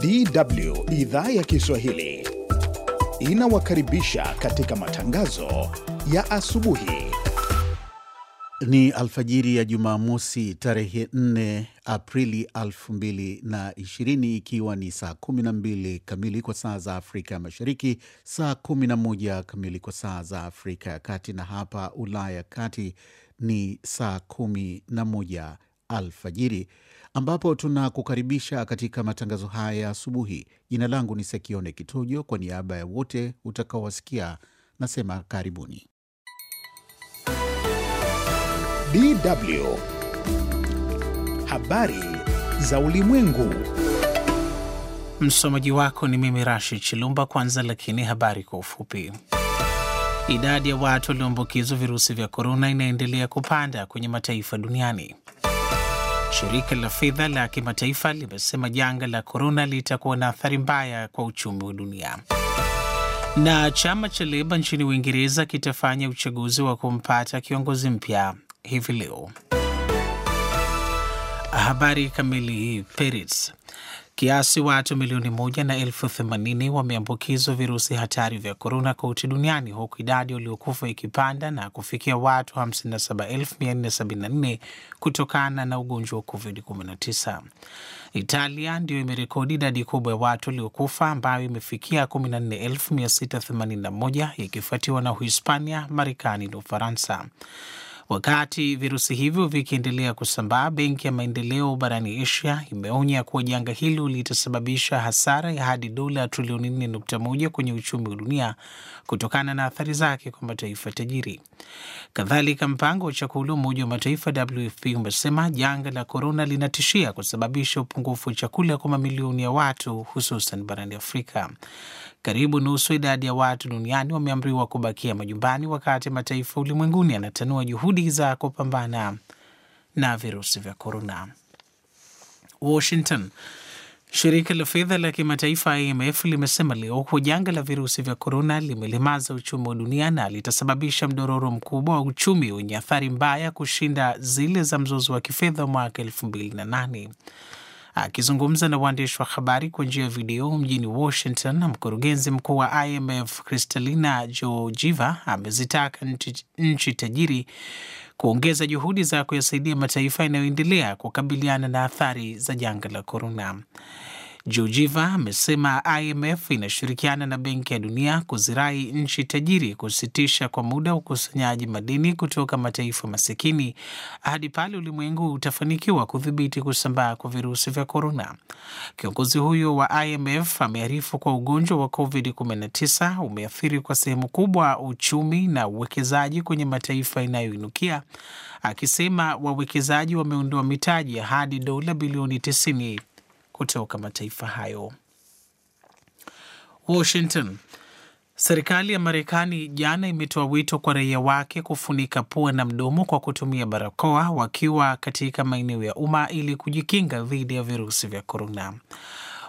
DW idhaa ya Kiswahili inawakaribisha katika matangazo ya asubuhi. Ni alfajiri ya Jumamosi tarehe 4 Aprili 2020 ikiwa ni saa 12 kamili kwa saa za Afrika Mashariki, saa 11 kamili kwa saa za Afrika ya Kati, na hapa Ulaya Kati ni saa 11 alfajiri, ambapo tunakukaribisha katika matangazo haya ya asubuhi. Jina langu ni Sekione Kitojo, kwa niaba ya wote utakaowasikia nasema karibuni. DW habari za ulimwengu, msomaji wako ni mimi Rashid Chilumba. Kwanza lakini habari kwa ufupi. Idadi ya watu walioambukizwa virusi vya korona inaendelea kupanda kwenye mataifa duniani. Shirika la fedha la kimataifa limesema janga la korona litakuwa na athari mbaya kwa uchumi wa dunia. Na chama cha Leba nchini Uingereza kitafanya uchaguzi wa kumpata kiongozi mpya hivi leo. Habari kamili. Peris, Kiasi watu milioni moja na elfu themanini wameambukizwa virusi hatari vya korona kote duniani huku idadi waliokufa ikipanda na kufikia watu 57474 kutokana na ugonjwa wa COVID-19. Italia ndiyo imerekodi idadi kubwa ya watu waliokufa ambayo imefikia 14681 ikifuatiwa na Uhispania, Marekani na Ufaransa. Wakati virusi hivyo vikiendelea kusambaa, Benki ya Maendeleo barani Asia imeonya kuwa janga hilo litasababisha hasara ya hadi dola trilioni 4.1 kwenye uchumi wa dunia kutokana na athari zake kwa mataifa tajiri. Kadhalika, mpango wa chakula wa Umoja wa Mataifa WFP umesema janga la korona linatishia kusababisha upungufu wa chakula kwa mamilioni ya watu, hususan barani Afrika. Karibu nusu idadi ya watu duniani wameamriwa kubakia majumbani, wakati mataifa ulimwenguni yanatanua juhudi juhudi za kupambana na virusi vya korona. Washington. Shirika la fedha la kimataifa IMF limesema leo kuwa janga la virusi vya korona limelemaza uchumi wa dunia na litasababisha mdororo mkubwa wa uchumi wenye athari mbaya kushinda zile za mzozo wa kifedha mwaka 2008. Akizungumza na waandishi wa habari kwa njia ya video mjini Washington, mkurugenzi mkuu wa IMF Kristalina Georgieva amezitaka nchi, nchi tajiri kuongeza juhudi za kuyasaidia mataifa yanayoendelea kukabiliana na athari za janga la korona. Georgieva amesema IMF inashirikiana na Benki ya Dunia kuzirai nchi tajiri kusitisha kwa muda ukusanyaji madini kutoka mataifa masikini hadi pale ulimwengu utafanikiwa kudhibiti kusambaa kwa virusi vya korona. Kiongozi huyo wa IMF amearifu kwa ugonjwa wa COVID-19 umeathiri kwa sehemu kubwa uchumi na uwekezaji kwenye mataifa inayoinukia, akisema wawekezaji wameondoa mitaji hadi dola bilioni 90 kutoka mataifa hayo. Washington. Serikali ya Marekani jana imetoa wito kwa raia wake kufunika pua na mdomo kwa kutumia barakoa wakiwa katika maeneo ya umma ili kujikinga dhidi ya virusi vya korona.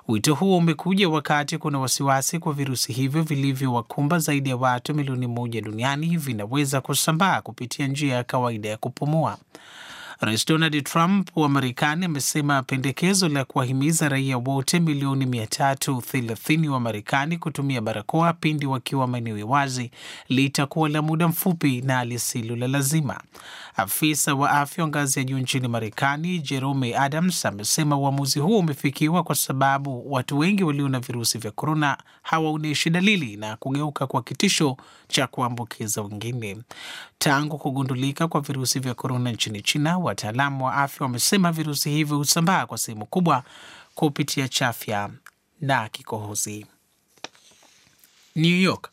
Wito huo umekuja wakati kuna wasiwasi kwa virusi hivyo vilivyowakumba zaidi ya watu milioni moja duniani vinaweza kusambaa kupitia njia ya kawaida ya kupumua. Rais Donald Trump wa Marekani amesema pendekezo la kuwahimiza raia wote milioni 330 wa Marekani kutumia barakoa pindi wakiwa maeneo wazi litakuwa la muda mfupi na lisilo la lazima. Afisa wa afya wa ngazi ya juu nchini Marekani Jerome Adams amesema uamuzi huo umefikiwa kwa sababu watu wengi walio na virusi vya korona hawaonyeshi dalili na kugeuka kwa kitisho cha kuambukiza wengine tangu kugundulika kwa virusi vya korona nchini China wataalamu wa afya wamesema virusi hivyo husambaa kwa sehemu kubwa kupitia chafya na kikohozi. New York.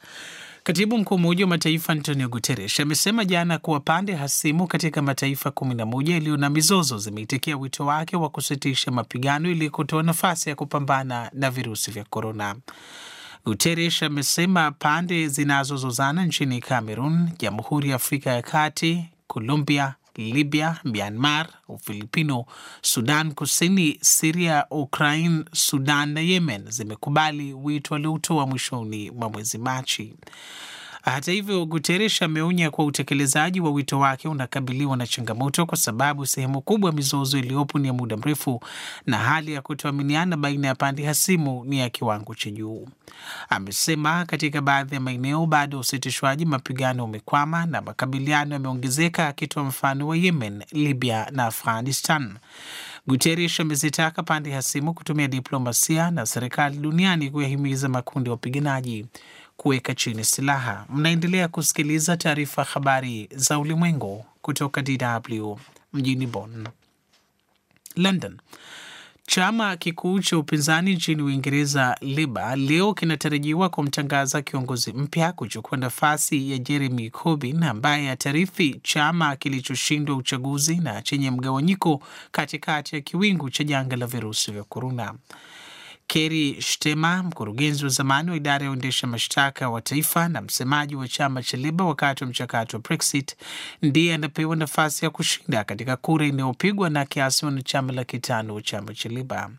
Katibu mkuu Umoja wa Mataifa Antonio Guterres amesema jana kuwa pande hasimu katika mataifa 11 yaliyo na mizozo zimeitikia wito wake wa kusitisha mapigano ili kutoa nafasi ya kupambana na virusi vya korona. Guterres amesema pande zinazozozana nchini Cameroon, Jamhuri ya Afrika ya Kati, Colombia, Libya, Myanmar, Ufilipino, Sudan Kusini, Siria, Ukraine, Sudan na Yemen zimekubali wito alioutoa mwishoni mwa mwezi Machi. Hata hivyo, Guterres ameonya kuwa utekelezaji wa wito wake unakabiliwa na changamoto kwa sababu sehemu kubwa ya mizozo iliyopo ni ya muda mrefu na hali ya kutoaminiana baina ya pande hasimu ni ya kiwango cha juu. Amesema katika baadhi ya maeneo bado usitishwaji mapigano umekwama na makabiliano yameongezeka, akitoa mfano wa Yemen, Libya na Afghanistan. Guterres amezitaka pande hasimu kutumia diplomasia na serikali duniani kuyahimiza makundi ya wapiganaji kuweka chini silaha. Mnaendelea kusikiliza taarifa habari za ulimwengu kutoka DW mjini Bonn. London. Chama kikuu cha upinzani nchini Uingereza, Leba, leo kinatarajiwa kumtangaza kiongozi mpya kuchukua nafasi ya Jeremy Corbyn ambaye atarithi chama kilichoshindwa uchaguzi na chenye mgawanyiko katikati ya kiwingu cha janga la virusi vya korona. Keri Shtema, mkurugenzi wa zamani wa idara ya uendesha mashtaka wa taifa na msemaji wa chama cha Leba wakati wa mchakato wa Brexit, ndiye anapewa nafasi ya kushinda katika kura inayopigwa na kiasi wanachama laki tano wa chama cha Leba.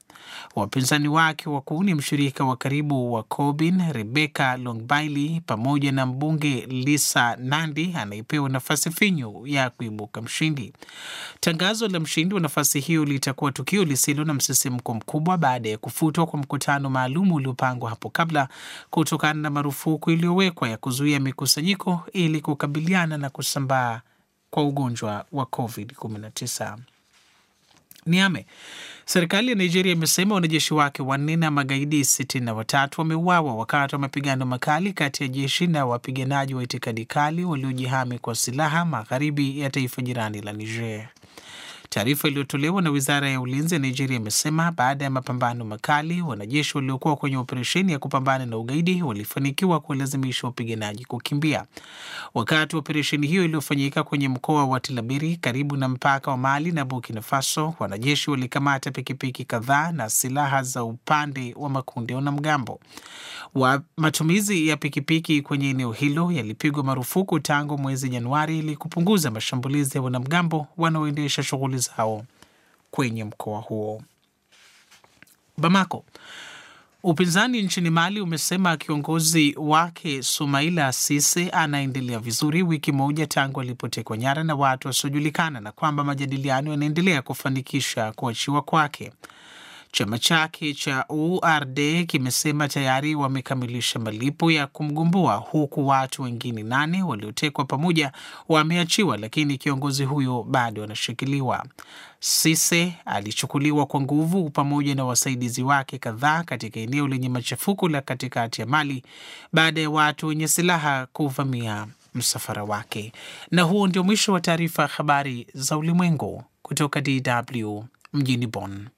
Wapinzani wake wakuu ni mshirika wa karibu wa Corbyn, Rebecca Longbaily, pamoja na mbunge Lisa Nandi anayepewa nafasi finyu ya kuibuka mshindi. Tangazo la mshindi wa nafasi hiyo litakuwa tukio lisilo na msisimko mkubwa baada ya kufutwa kwa mkutano maalum uliopangwa hapo kabla kutokana na marufuku iliyowekwa ya kuzuia mikusanyiko ili kukabiliana na kusambaa kwa ugonjwa wa COVID-19. Niame. Serikali ya Nigeria imesema wanajeshi wake wanne na magaidi 63 wameuawa wakati wa mapigano makali kati ya jeshi na wapiganaji wa itikadi kali waliojihami kwa silaha magharibi ya taifa jirani la Niger. Taarifa iliyotolewa na wizara ya ulinzi ya Nigeria imesema baada ya mapambano makali, wanajeshi waliokuwa kwenye operesheni ya kupambana na ugaidi walifanikiwa kuwalazimisha wapiganaji kukimbia. Wakati wa operesheni hiyo iliyofanyika kwenye mkoa wa Tilabiri karibu na mpaka wa Mali na Burkina Faso, wanajeshi walikamata pikipiki kadhaa na silaha za upande wa makundi ya wanamgambo. Wa matumizi ya pikipiki kwenye eneo hilo yalipigwa marufuku tangu mwezi Januari ili kupunguza mashambulizi ya wanamgambo wanaoendesha shughuli zao kwenye mkoa huo. Bamako. Upinzani nchini Mali umesema kiongozi wake Sumaila Sise anaendelea vizuri, wiki moja tangu alipotekwa nyara na watu wasiojulikana, na kwamba majadiliano yanaendelea kufanikisha kuachiwa kwake. Chama chake cha URD kimesema tayari wamekamilisha malipo ya kumgumbua huku watu wengine nane waliotekwa pamoja wameachiwa, lakini kiongozi huyo bado anashikiliwa. Sise alichukuliwa kwa nguvu pamoja na wasaidizi wake kadhaa katika eneo lenye machafuko la katikati ya Mali baada ya watu wenye silaha kuvamia msafara wake. Na huo ndio mwisho wa taarifa ya habari za ulimwengu kutoka DW mjini Bonn.